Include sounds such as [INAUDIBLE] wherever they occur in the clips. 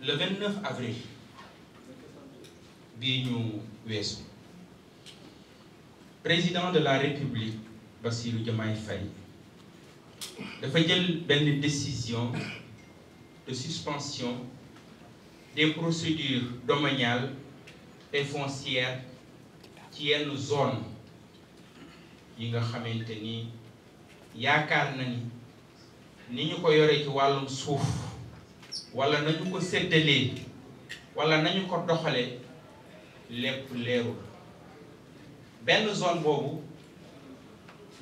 le 29 avril le ñu président de la république Bassirou Diomaye Faye dafa jël décision de suspension des procédures domaniales et foncières ci yenn zone yi nga xamante ni yaakaar na ni ñu ko yore ci wàllum suuf wala nañu ko séddalee wala nañu ko doxale lépp leerul benn zone boobu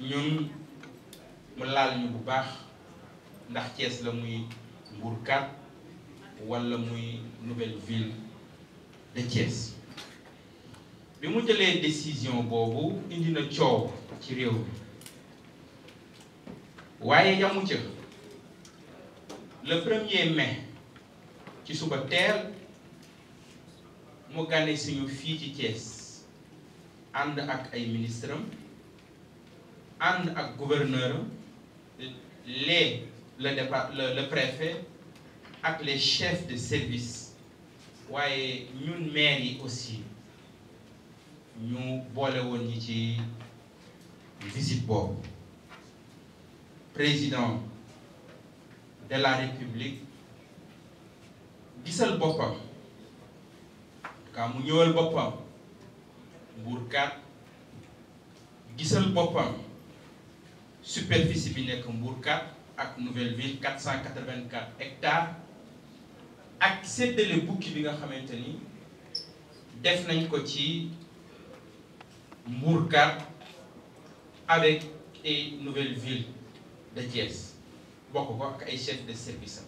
ñun mu laal ñu bu baax ndax Thiès la muy Mbourkat wala muy nouvelle ville de Thiès bi mu jëlee décision boobu indi na coow ci réew mi waaye yamu ca le premier mai ci suba teel mu gane suñu fii ci Thiès and ak ay ministres, and ànd ak gouverneur les le le préfet ak les chefs de service waaye ñun maire aussi ñu boole woon ñi ci visite boobu président de la république Giselle bopam ka mu Mbourkat, Gisèle bopam superficie bi nekk avec ak nouvelle ville 484 hectares ak le bukki qui nga xamante def avec et nouvelle ville de Thiès bokk ko ay chef de service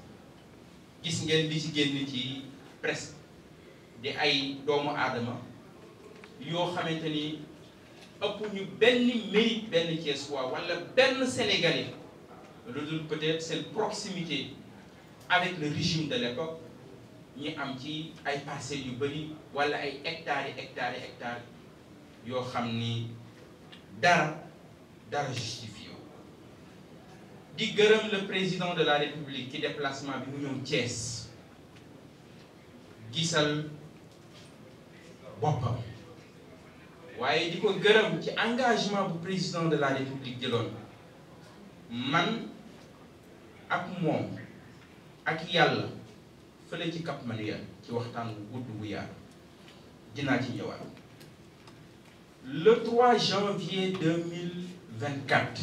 gis ngeen li ci génn ci presse di ay doomu aadama yoo xamante ni ëpp ñu benn mérite benn Thiès waa wala benn sénégalais lu peut-être la proximité avec le régime de l'époque ñi am ci ay parcelles yu bëri wala ay hectares hectare hectares yo hectares yoo xam ni dara dara justifié le président de la république qui déplacement bi mu ñëw Thiès gisal boppam waaye di ko gërëm ci engagement du président de la république jëloon man ak mom ak yalla fële ci Cap Manuel ci bu le 3 janvier 2024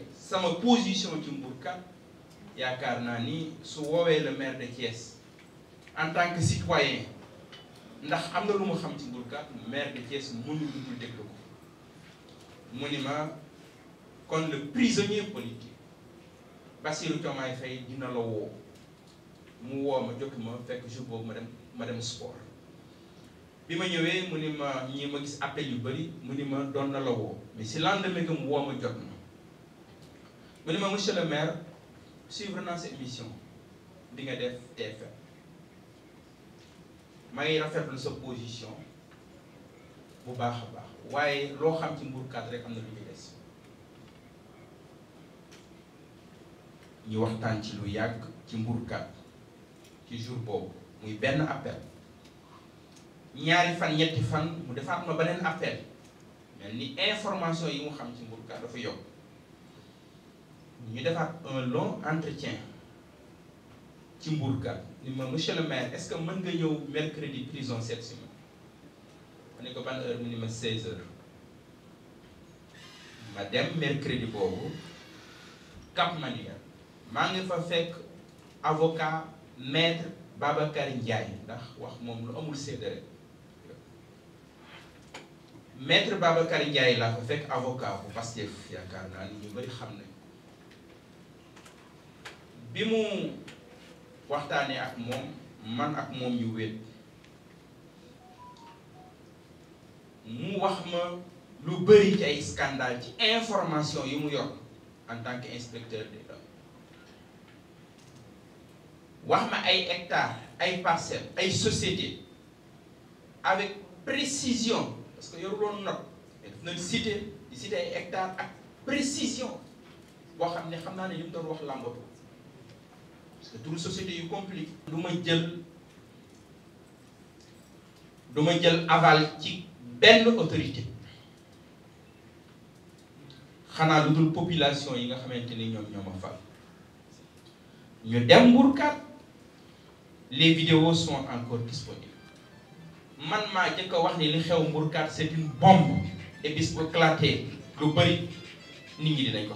sama position ci Mbour 4 yaakaar naa ni su woowee le maire de Thiès en tant que citoyen ndax am na lu mu xam ci Mbour maire de Thiès mënul lu dul déglu ko mu ni ma kon le prisonnier politique Bassirou Diomaye Faye dina la woo mu woo ma jokki ma fekk jour boobu ma dem ma dem sport bi ma ñëwee mu ni ma ñi ma gis appel yu bëri mu ni ma doon na la woo mais si lendemain que mu woo ma jot ma mais ne monsieur le maire suivre dans cette émission bi nga def rafetlu sa position bu baax a baax waaye loo xam ci mbuurkat rek am na lu ñu des ñu waxtaan ci lu yàgg ci ci jour muy appel ñaari fan ñetti fan mu defaat ma beneen appel mel ni information yi mu xam ci mbuurkat dafa nous avons un long entretien ci Mbourkat ni ma monsieur le maire est-ce que mën nga ñëw mercredi prison cette semaine On est à ban heure ni ma 16 h Madame, mercredi boobu Cap Mania. Je ngi fa avocat maître Babacar Ndiaye Je wax moom lu amul sédd maître Babacar Ndiaye laa fa avocat bu Pastef yaakaar naa ni ñu bimu waxtane ak mom man ak mom ñu wéet mu wax ma lu bëri ci ay scandale ci information yu mu yor en tant que inspecteur l'homme wax ma ay hectares ay parcelles ay sociétés avec précision parce que yoruloon nag daf na cité di cité ay hectares ak précision boo xam ne xam naa ne mu doon wax làmbatu parce que toute société est compliquée. Nous ma jël du jël aval ci benn autorité xanaa lu population yi nga xamanteni ñom ñoma ñoo fal ñu dem burkat les vidéos sont encore disponibles man ma jëkk a wax ni li xew burkat c'est une bombe et bis bu éclaté lu bëri nit ñi dinañ ko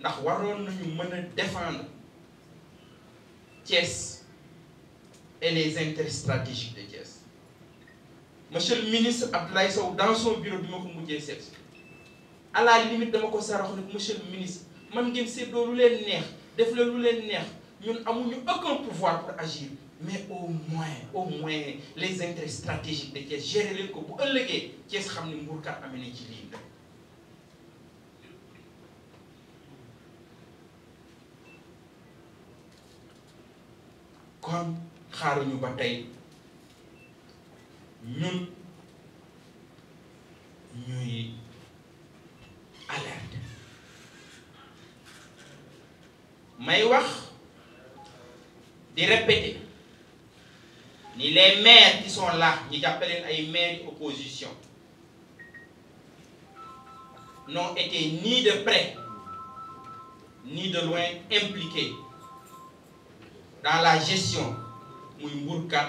ndax waroon nañu mën a défendre Thiès et les intérêts stratégiques de Thiès monsieur le ministre Abdoulaye Sow dans son bureau bi ma ko mujjee seet à la limite dama ko sarax ne monsieur le ministre man ngeen séddoo lu leen neex def leen lu leen neex ñun amuñu aucun pouvoir pour agir mais au moins au moins les intérêts stratégiques de Thiès gérer leen ko bu ëllëgee Thiès xam ne mbuurkat amee na ci lii Comme nous ba tay ñun ñuy alerte may wax di répéter ni les maires qui sont là qui appellent ay maires d'opposition, opposition n'ont été ni de près ni de loin impliqués dans la gestion muy Mbourkat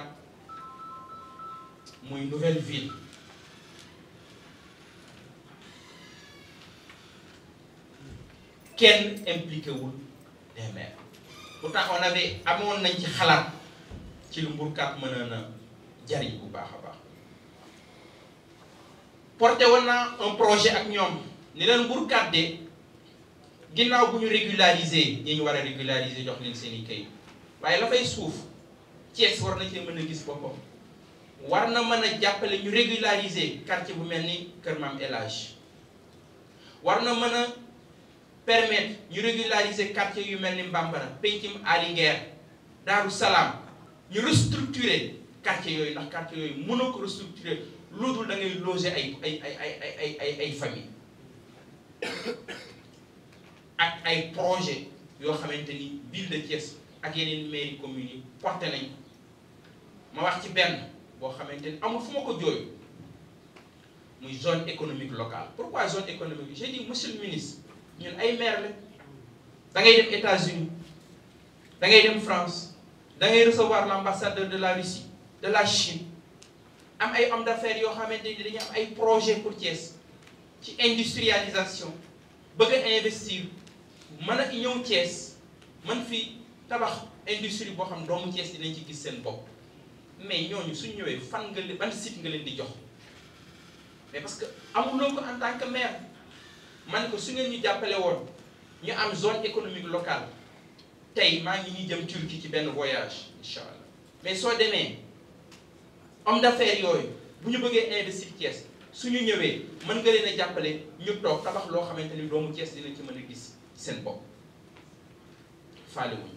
muy nouvelle ville kenn impliqué wul les maires pourtant on avait amoon nañ ci xalaat ci lu Mbourkat mënoon a jariñ bu baax a baax porté woon naa un projet ak ñoom ni leen Mbourkat de ginnaaw bu ñu régulariser ñi ñu war a régulariser jox leen seen i mais la fay suuf Thiès war na cee a gis boppam war na ñu régulariser quartier bu mel ni Kër Maam a permettre ñu régulariser quartier yu mel ni Pencim restructurer quartier yooyu ndax quartier yooyu restructurer loger famille ak ay projet ville de Thiès. À une mairie commune, ma wax ci zone économique locale pourquoi zone économique j'ai dit monsieur le ministre maire États-Unis France vous recevoir l'ambassadeur de la Russie de la Chine a ay hommes d'affaires qui ont des pour Thiès industrialisation investir tabax industrie bo xam doomu ties dinañ ci gis seen bopp mais ñooñu suñ ñëwee fan nga ban site nga leen di jox mais parce que amuloo ko en tant que maire man ko su ngeen ñu jàppale woon ñu am zone économique locale tey maa ngi ñu jëm Turquie ci benn voyage incha allah mais soo demee homme d'affaires yooyu bu ñu bëggee investir ties suñu ñëwee mën nga leen a jàppale ñu toog tabax loo xamante ni doomu ties dina ci mën a gis seen bopp faale wuñ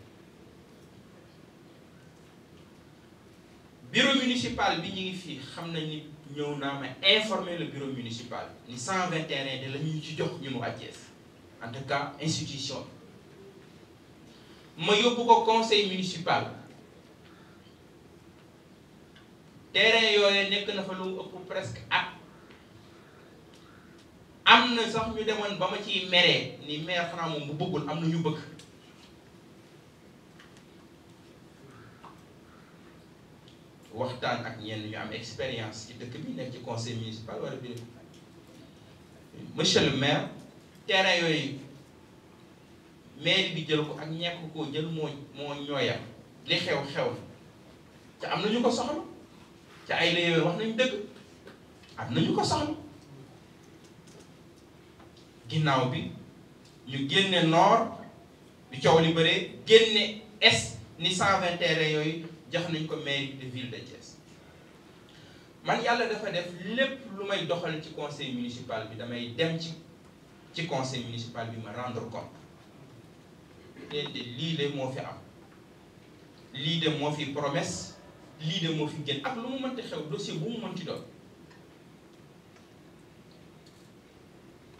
bureau municipal bi ñu ngi fii xam nañ ni ñëw naa informer le bureau municipal ni 120 terrain de la ñu ci jox ñun waa en tout cas institution ma yóbbu ko conseil municipal terrain yooyu nekk na fa lu ëpp presque at am sax ñu démon bama ci méré ni maire xanaa mu bëggul am ñu bëgg waxtaan ak ñenn ñu am expérience ci dëkk bi nekk ci conseil municipal wala bureau monsieur le maire terrain yooyu maire bi jël ko ak ñekk koo jël moo moo ñooyam li xew xew te am nañu ko soxla te ay la yooyu wax nañu dëgg am nañu ko soxla ginnaaw bi ñu génne nord di coow li bëree génne est ni cent vingt yooyu jox nañ ko mairie de ville de Thiès man yàlla dafa def lépp lu may doxal ci conseil municipal bi damay dem ci ci conseil municipal bi ma rendre compte nee de lii de moo fi am lii de moo fi promesse lii de moo fi gën ak lu mu mënti xew dossier bu mu mënti doon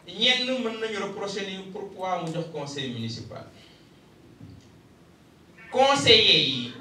ñenn mën nañu reprocher ni pourquoi mu jox conseil municipal conseiller yi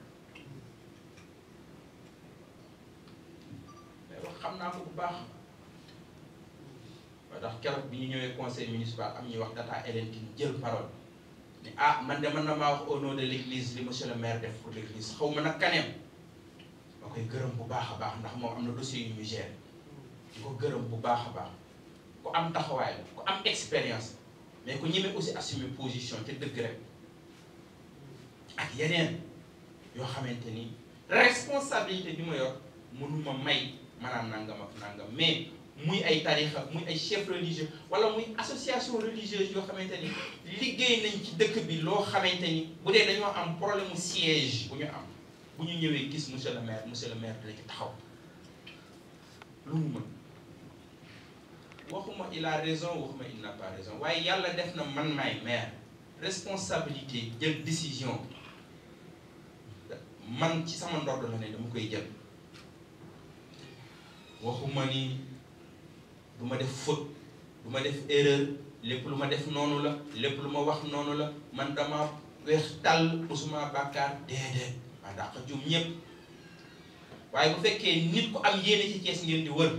xam naa ko bu baax ma tax keroog bi ñu ñëwee conseil municipal am ñuy wax data Hélène jël parole ni ah man de mën na maa wax au nom de l'église li monsieur le maire def pour l'église xaw ma nag kaneem ma koy gërëm bu baax a baax ndax moo am na dossier yu ñu gère di ko gërëm bu baax a baax ku am taxawaay la ku am expérience mais ku ñemee aussi assumer position te dëgg rek ak yeneen yoo xamante ni responsabilité bi ma yor mënuma may manam nangam ak nangam mais muy ay tarixa muy ay chef religieux wala muy association religieuse yo xamanteni ni liggéey nañ ci dëkk bi loo xamanteni ni bu dee dañoo am problème siège bu ñu am bu ñu ñëwee gis monsieur le maire monsieur le maire dina ci taxaw lu mu mën waxuma il a raison waxuma il n'a pas raison waaye yàlla def na man may maire responsabilité jël décision man ci sama ndor la ne dama koy jël waxuma ni du ma def faute du ma def erreur lépp lu ma def noonu la lépp lu ma wax noonu la man dama weex tàll musuma bàkkaar déedéet ma dàq jum ñëpp waaye bu fekkee nit ku am yéene ci Cees ngeen di wër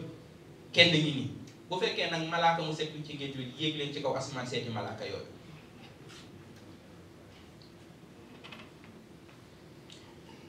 kenn ñi nii bu fekkee nag malaaka mu seetlu ci géej gi yéeg leen ci kaw asmaan seeti malaaka yooyu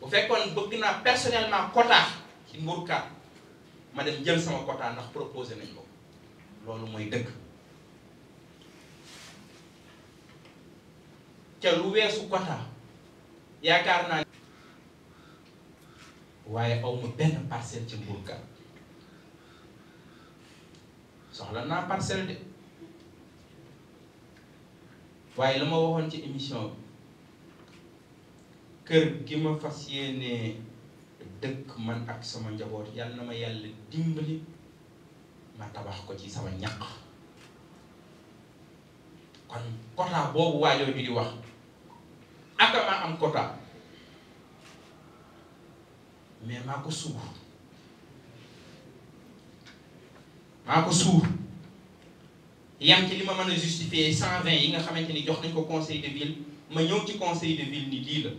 bu fekkoon bëgg naa personnellement quota ci mburkat ma dem jël sama quota ndax proposé nañ ko loolu mooy dëgg ca lu weesu quota yaakaar naa waaye awma benn parcelle ci mburkat soxla naa parcelle de waaye la ma waxoon ci émission kër gi ma fas yéene dëkk man ak sama njaboot yàlla na ma yàlla dimbali ma tabax ko ci sama ñaq kon quota boobu waajoo ju di wax aka am quota mais maa ko suur maa ko suur yam ci li ma mën a justifier cent vingt yi nga xamante ni jox nañ ko conseil de ville ma ñëw ci conseil de ville ni lii la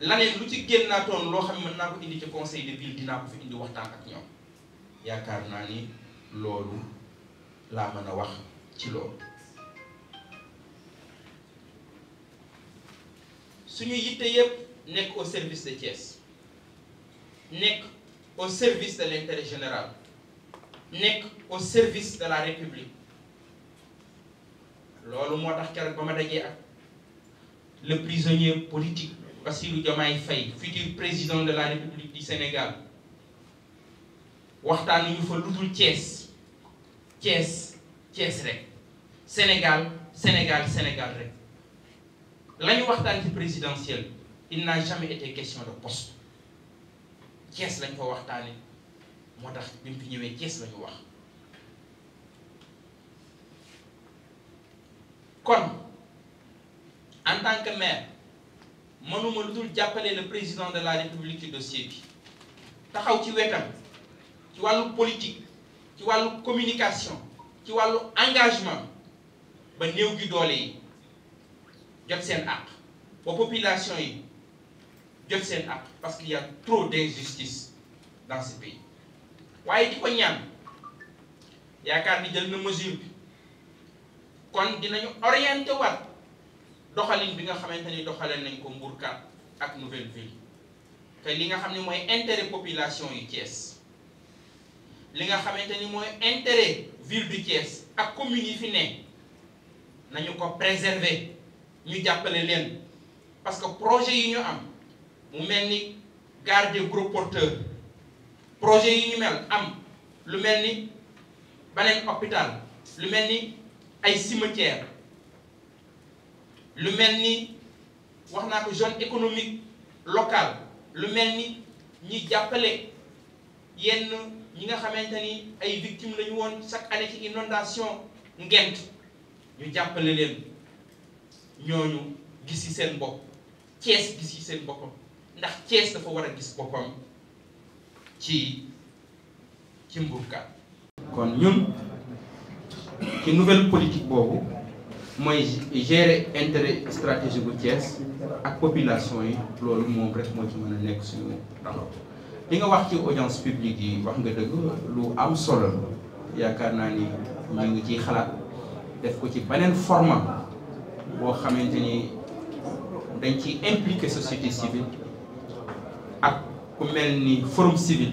laneen lu ci génnaatoon lo xam man nako indi ci conseil de ville dina ko fi indi waxtan ak ñoom yaakaar na ni loolu la mëna wax ci loolu suñu yitte yépp nekk au service de Thiès nekk au service de l'intérêt général nekk au service de la République loolu moo tax keroog ba ma dajee ak le prisonnier politique Bassirou Diomaye Faye futur président de la République du Sénégal waxtaanuñu fa lu dul Thiès Thiès Thiès rek Sénégal Sénégal Sénégal rek la présidentielle il n'a jamais été question de poste Thiès lañ fa Moi, je ne sais pas fi ñëwee Thiès la wax Comme, en tant que maire mënuma lu dul jàppale le président de la république du dossier bi taxaw ci wetam ci wàllu politique ci la communication ci wàllu engagement ba néew gi doole yi jot acte. àq population yi jot seen àq parce qu'il y a trop d'injustice dans ce pays waaye di ko ñaan yaakaar ni jël na mesure bi kon dinañu orienté waat doxalin bi nga xamanteni doxalen nañ ko Mbourkat ak Nouvelle Ville te li nga xamni moy intérêt population yu ties li nga xamanteni moy intérêt ville du ties ak commune yi fi ne nañu ko préserver ñu jappalé len parce que projet yi ñu am mu melni garder gros porteur projet yi ñu mel am lu melni ni hôpital lu melni ay cimetière le même, ni ko zone économique locale le même ñi yenn ñi nga ay victimes lañu chaque année ci inondation ngent ñu jàppale leen ñoñu gisi seen bopp des gis ndax dafa ci kon ñun ci nouvelle politique mooy gérer intérêt stratégique bu Thiès ak population lolu mom moom rek moo ci mën a suñu taxaw li nga wax ci audience publique yi wax nga deug lu am solo yaakaar naa ni ñu ngi ci xalat def ko ci benen format bo xamante ni dañ ci impliquer société civile ak ku melni forum civil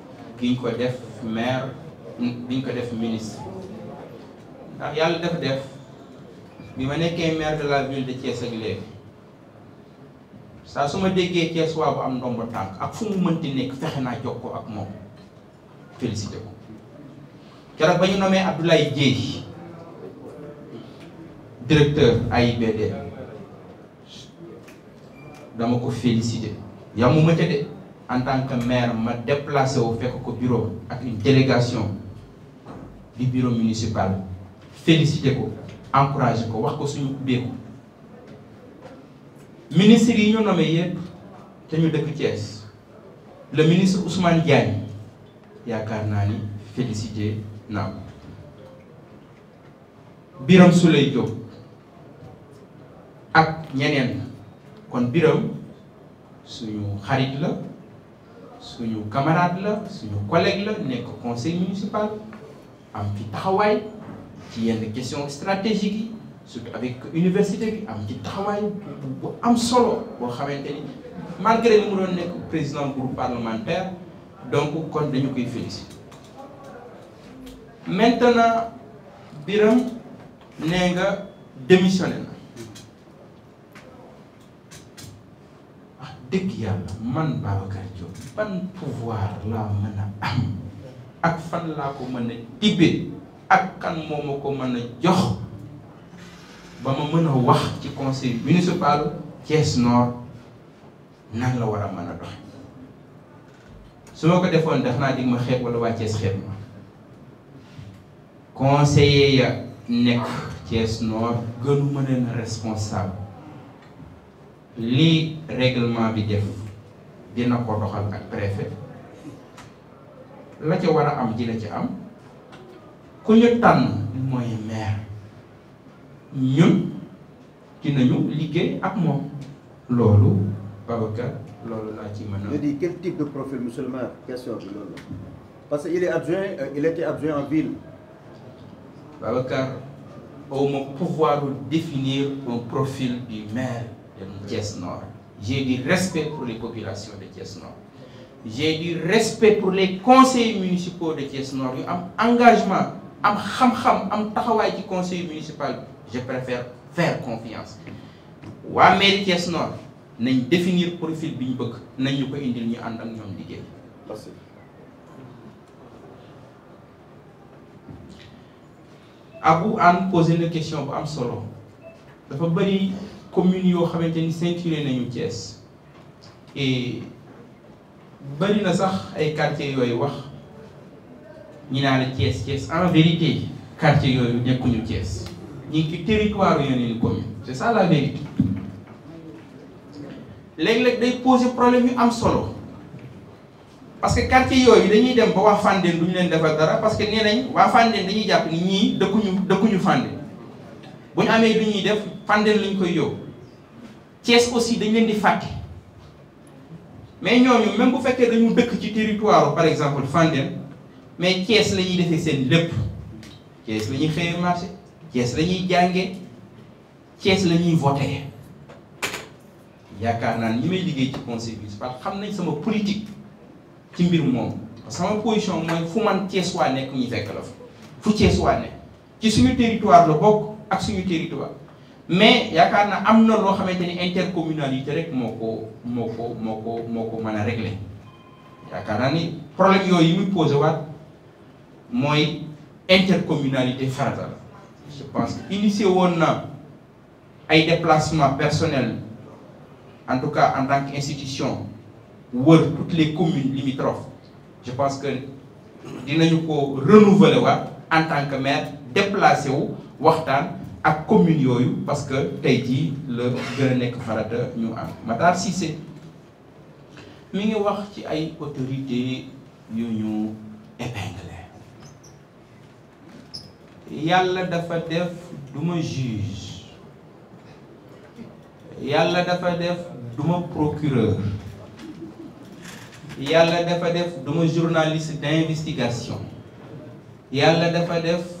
giñ ko def maire biñ ko def ministre ndax yàlla dafa def bi ma nekkee maire de la ville de Thiès ak léegi saa su ma déggee Thiès waa bu am ndombo tànk ak fu mu mënti nekk fexe naa ko ak moom félicité ko keroog ba ñu nommé Abdoulaye Dieye directeur AIBD dama ko félicité yamuma ca de en tant que maire ma déplacé au fekk ko bureau avec une délégation du bureau municipal félicité ko encouragé ko wax ko suñu ubbeeku ministre yi ñu nommé yëpp te ñu le ministre Ousmane Diagne et naa ni félicité naa ko Birame Diop ak ñeneen kon Birame suñu xarit la suñu camarade camarades, suñu collègue collègues nekk conseil municipal am travail, taxawaay ci yenn question stratégique avec université bi am solo malgré li mu doon président groupe parlementaire donc kon dañu koy féliciter maintenant nous nee dëgg yàlla man Babacar Diop ban pouvoir laa mën a am ak fan laa ko mën a tibbee ak kan moo ma ko mën a jox ba ma mën a wax ci conseil municipal Thiès Nord nan la war a mën a doxe su ma ko defoon def naa dig ma xeet wala waa Thiès xeet ma conseiller ya nekk Thiès Nord gënu ma leen responsable li règlement bi def dina ko doxal ak préfet la ci wara a am dina ci am ku ñu tànn mooy maire ñun ci nañu liggé ak moom lolu Babacar lolu la ci mëna a. je dis quel type de profil monsieur le maire question bi loolu parce qu'il est adjoint euh, il était adjoint en ville. Babacar au ma pouvoir définir un profil du maire. Thiès Nord. J'ai du respect pour les populations de Thiès Nord. J'ai du respect pour les conseils municipaux de Thiès Nord. Un engagement, un xam-xam, un travail du conseil municipal. Je préfère faire confiance. Wa mairie Thiès Nord, nañ définir profil bi ñu bëgg nañ ñu ko indil ñu ànd ak ñoom liggéey. Anne posé une question bu am solo dafa bëri. communes yoo xamante ni ceinturé nañu Thiès et na sax ay quartiers yooyu wax ñi naa la Thiès Thiès en vérité quartier yooyu nekkuñu cees ñi ngi ci territoire yeneen commune c'est ça la vérité léeg day poser problème yu am solo parce que quartier yooyu dañuy dem ba waa Fandène du ñu leen defal dara parce que nee nañ waa Fandène dañuy jàpp ni ñii dëkkuñu dëkkuñu Fandène buñ ñu amee lu ñuy def fandel lañ koy yóbbu Thiès aussi dañ leen di fàtte mais ñooñu même bu fekkee dañu dëkk ci territoire par exemple fandel mais Thiès la ñuy defee seen lépp Thiès la ñuy xëyee marché Thiès la ñuy jàngee Thiès la ñuy voté yaakaar naa ñi may liggéey ci conseil bi parce que xam nañ sama politique ci mbir moom sama position mooy fu man Thiès waa nekk ñu fekk la fa fu Thiès waa nekk ci suñu territoire la bokk territoire mais ni intercommunalité rek régler problème je pense que initié woon déplacement personnel en tout cas en tant qu'institution wër toutes les communes limitrophes je pense que dinañu ko renouveler en tant que maire déplacé à commune parce que dit le jii la nous a si farata ñu am Matar Cissé mi ngi wax ci ay autorité ñu ñu épinglé yalla dafa def duma juge yalla dafa def duma procureur yalla dafa def duma journaliste d'investigation Yalla dafa def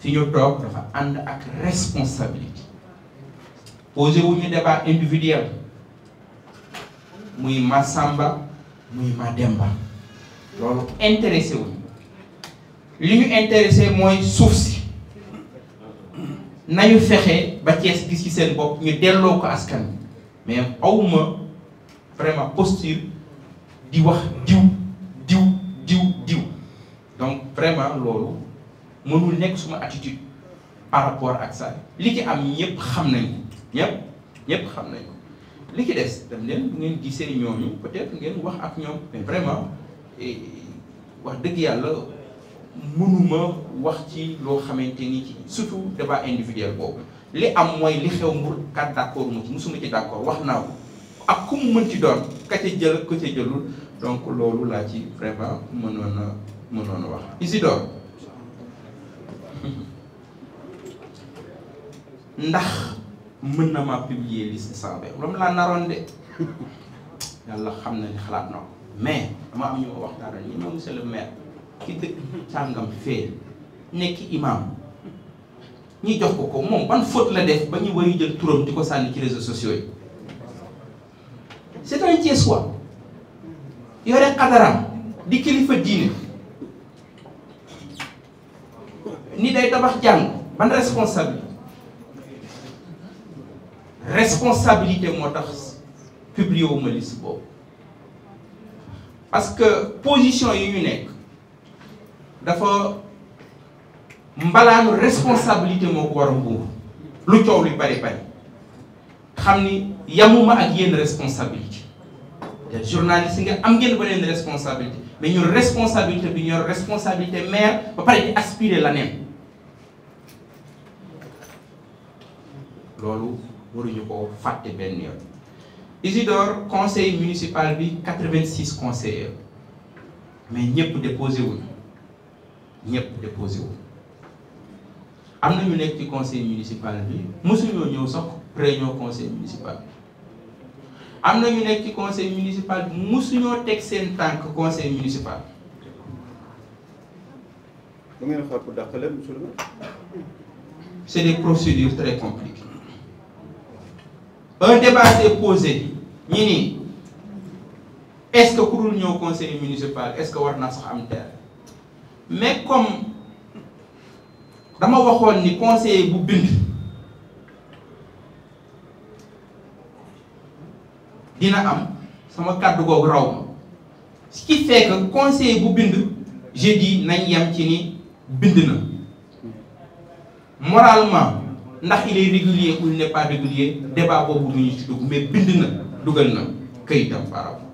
si ñu toog dafa ànd ak responsabilité posé wu débat individuel muy masamba muy Mademba loolu intéressé Lui ñu intéressé moy suuf si nañu fexé ba ties gis ci seen bopp ñu delloo ko askan mais awma vraiment posture di wax diw diw diw diw donc vraiment lolu mënul nekk suma attitude par rapport ak sax li ci am ñëpp xam nañu ñëpp ñëpp xam nañu li ci des dem leen bu ngeen gisee ñooñu peut-être ngeen wax ak ñoom mais vraiment wax dëgg yàlla mënuma wax ci loo xamante ni ci surtout débat individuel boobu li am mooy li xew mbur kat d'accord mu ci musuma ci d'accord wax naa ak ku mu mën ci doon ka ca jël ka ca jëlul donc loolu laa ci vraiment mënoon a mënoon a wax Isidore ndax mën na maa publier liste sans verre loolu laa naroon de yàlla xam na ni xalaat na mais dama am ñu ma waxtaanal ñu ma monsieur le maire ki dëkk sàngam fee nekk imam ñi jox ko ko moom ban faute la def ba ñu wayu jël turam di ko sànni ci réseaux sociaux yi c'est un yore xadaram di kilifa diine ni day tabax jàng responsabilité responsabilité moo publié parce que position yi ñu dafa responsabilité moo ko war lu lu bari responsabilité journalistes nga responsabilité mais ñun responsabilité bi responsabilité mère ba aspirer la waruñu ko Isidore conseil municipal bi 86 conseillers mais il déposé a ñëpp déposé wuñ am ñu ci conseil municipal bi sommes ñëw sax conseil municipal am ci conseil municipal bi tek seen conseil municipal. c'est des procédures très compliquées un débat s'est posé est-ce que nous dul conseil municipal est-ce que nous naa sax am mais comme dama waxoon ni conseiller bu bind dina am sama cadre googu de ce qui fait que conseiller bu bind je dis que nous ci ni moralement ndax il est régulier ou il n'est pas régulier débat boobu du ñu ci dugg mais bind na dugal na këyitam par rapport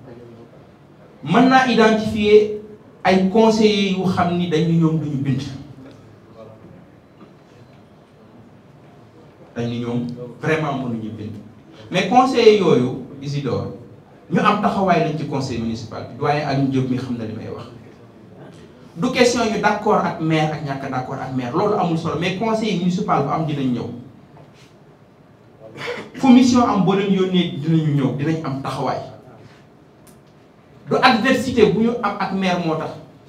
mën naa identifier ay conseillers yu xam ni dañu ñoom duñu bind dañu ñoom vraiment mënuñu bind mais conseillers yooyu Isidore ñu am taxawaay lañ ci conseil municipal bi doyen ñu Diop mi xam na li may wax du question yu d'accord ak maire ak d'accord maire mais amul conseil municipal bu am dinañ ñëw commission am dinañ am adversité bu ñu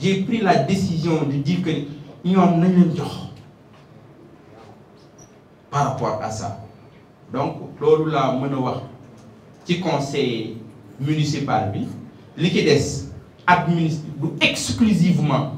j'ai pris la décision de dire que nous nañ leen jox par rapport à ça donc lolu la mëna wax ci conseil municipal bi li exclusivement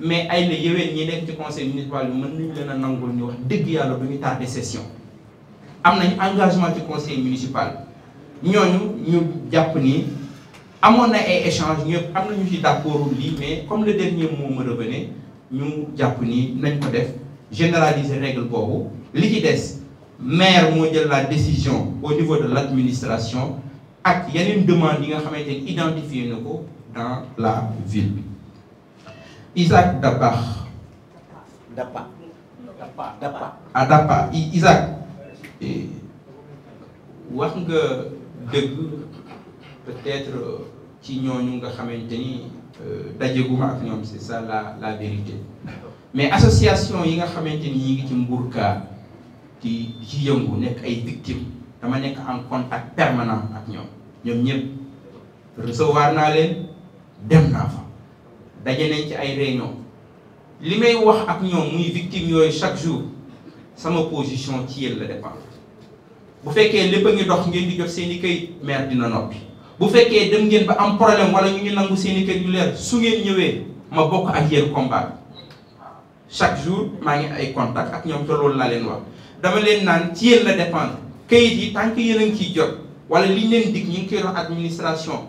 mais ay la ñi nek ci conseil municipal bi mën nañu leen nangul ñu wax dëgg yalla du tardé session am engagement ci conseil municipal ñooñu ñu japp ni amon na ay échange ñëpp am nañu ci d'accord mais comme le dernier mot me revenait ñu japp ni nañ ko def généraliser règle boobu li ci dess maire mo jël la décision au niveau de l'administration ak yeneen demande yi nga demande ni identifié dans la ville Isaac Dabakh. Dabakh. Dabakh ah Dabakh Isaac. Eh, wax nga dëgg peut-être ci ñooñu nga xamante ni euh, dajeguma ak ñoom c'est ça la vérité mais association yi nga xamante ni ñi ngi ci Mbourka di ci yëngu nekk ay victimes dama nekk en contact permanent ak ñoom ñoom ñëpp recevoir naa leen dem naa fa. Ce nañ ci ay réunion wax ak chaque jour sama position ci la bu fekkee lépp ngi dox ngeen di maire dina noppi bu dem ngeen ba am problème wala ñu ngi nangu seen i leer su ngeen ma bokk ak combat chaque jour maa ngi ay contact ak ñoom te loolu leen dama leen naan ci la tant que ngi jot wala administration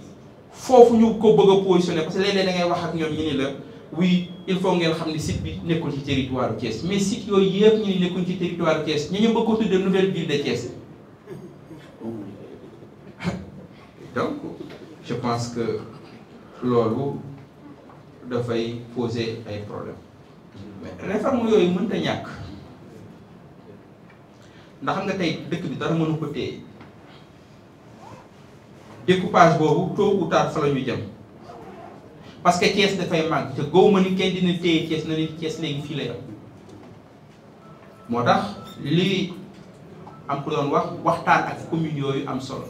fofu ñu ko bëgg positionner parce que léeg-léeg da ngay wax ak ñoom ñu ni la oui il faut ngeen xam ne site bi nekkul ci territoire Thiès mais site yooyu yëpp ñu ni nekkul ci territoire Thiès ñu ñu bëgg ko tuddee nouvelle ville de Thiès [LAUGHS] donc je pense que loolu dafay poser ay problèmes mais réforme yooyu mënta ñàkk ndax xam nga tey dëkk bi dara mënu ko téye découpage boobu tôt ou tard fa la ñuy jëm parce que Thiès dafay màgg te góob ma ni kay dina téye Thiès na ni Thiès léegi fii lay am moo tax li am ku doon wax waxtaan ak commune yooyu am solo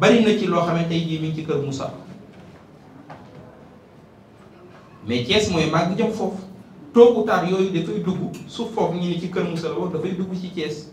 bari na ci loo xam ne tey jii mi ngi ci kër Moussa mais Thiès mooy màgg jëm foofu toogu ou yooyu dafay dugg su foog ñu ni ci kër Moussa la dafay dugg ci Thiès.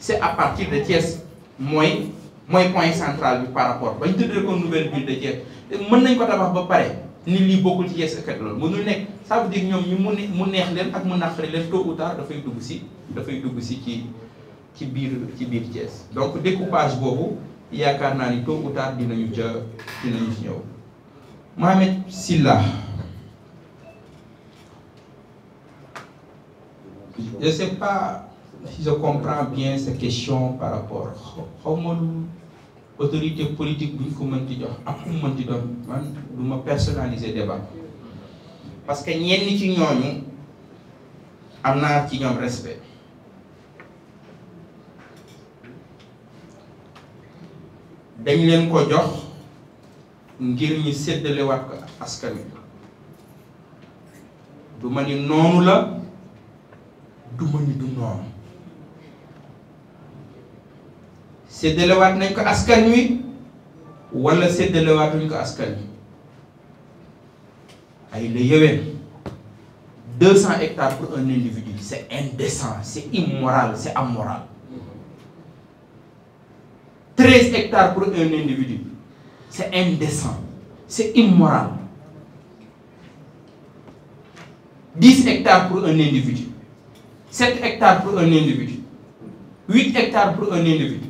c'est à partir de Thiès mooy mooy point central du par rapport bañ tëddee ko nouvelle ville de Thiès mën nañ ko tabax ba paré ni li bokul ci Thiès ëkkat lool mënul nek ça veut dire ñom ñu mu mu neex len ak mu naqari leen tôt ou tard dafay dugg da fay dugg si ci ci biir ci biir Thiès donc découpage bobu yaakaar naa ni tôt ou tard dinañu ca dinañu ci ñëw Mohamed Silla je sais pas si je comprends bien ces questions par rapport aux autorités politiques, autorité politique je ñu ko mënti jox ak ku doon man du personnaliser débat parce que ñenn ci ñooñu am naa ci ñoom respect dañ leen ko jox ngir ñu wat ko askan wi du ma ni noonu la du ma ni du noonu le nañ ko askan wi wala alors c'est askan wi ay le yeween 200 hectares pour un individu c'est indécent c'est immoral c'est amoral 13 hectares pour un individu c'est indécent c'est immoral 10 hectares pour un individu 7 hectares pour un individu 8 hectares pour un individu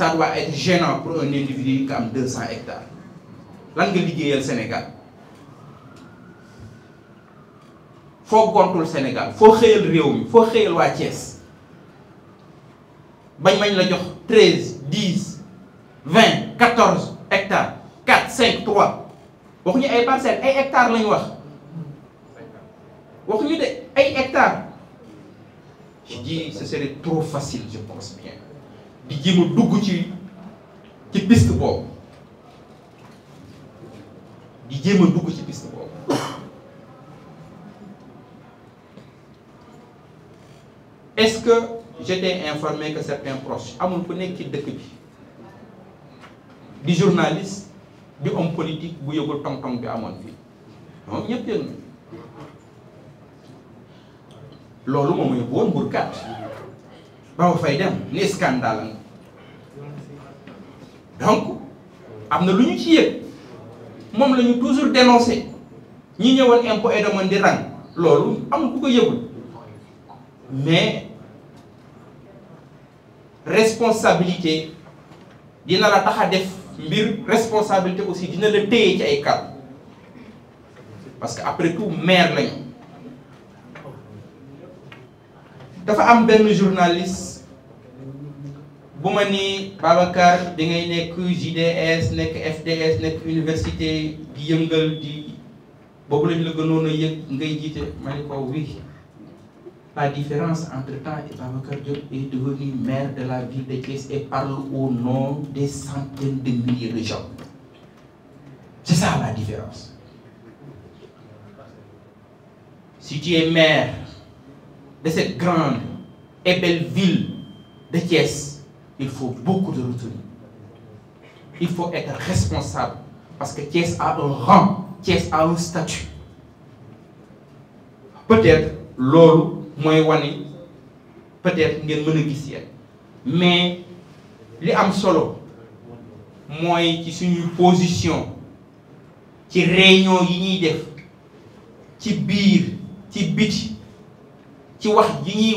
ça doit être gênant pour un individu comme 200 hectares lan nga le Sénégal contrôler le Sénégal le xëyal réew mi foo xëyal waa Thiès bañ mañ la jox 13 10 20 14 hectares 4 5 3 waxuñu ay parcelles 1 hectares Vous wax waxuñu 1 ay hectares je dis que ce serait trop facile je pense bien di jéem a dugg ci ci piste boobu di jéem a dugg ci piste boobu est-ce que j'étais informé que certains proches amul ku nekk ci dëkk bi di journaliste di homme politique bu yëgul tong-tong bi amoon fii moom ñëpp yëg na loolu moom mooy woon burkat ba ma fay dem ni scandale donc am na lu ñu ci yëg moom la ñu toujours dénoncé ñi ñëwoon impôt et domaine di rang loolu am ku ko yëgul mais responsabilité dina la tax a def mbir responsabilité aussi dina la téye ci ay kàddu parce que après tout maire lañu dafa am benn journaliste Babacar JDS FDS université la différence entre temps et Babacar Diop est devenu maire de la ville de Thiès et parle au nom des centaines de milliers de gens c'est ça la différence si tu es maire de cette grande et belle ville de Thiès il faut beaucoup de retenue. Il faut être responsable parce que Thiès a un rang, Thiès a un statut. Peut-être moi, je peut-être je y a gis mais les am solo qui suis une position qui réunion yi ñuy def qui qui qui sont ci wax yi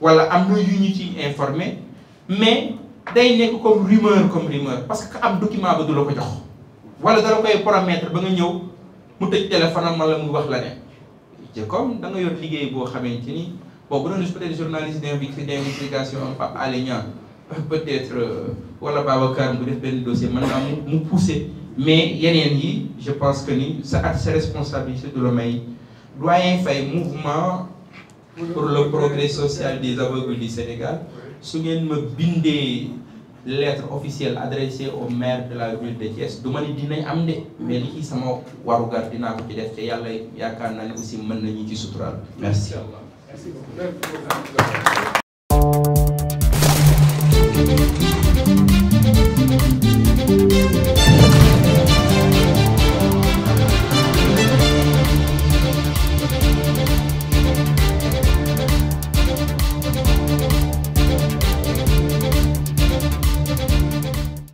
wala am na yu ñu ci informé mais day nekk comme rumeur comme rumeur parce que am document ba du la ko jox wala il koy promettre ba nga ñëw mu tëj téléphone am le mu wax la ne je comme da nga yor liggéey boo xamante ni bon bu peut-être d'investigation peut-être euh, wala Babacar dossier mën naa mu mu mais yeneen yi je pense que ni sa ak sa responsabilité doyen fay mouvement pour le progrès social des aveugles du Sénégal su ngeen ma bindee lettre officielle adressée au maire de la ville de Thiès du ma ni dinañ am de mais li ci sama warugar dinaa ko ci def te yàlla yaakaar naa aussi mën nañu ci suturaal merci. merci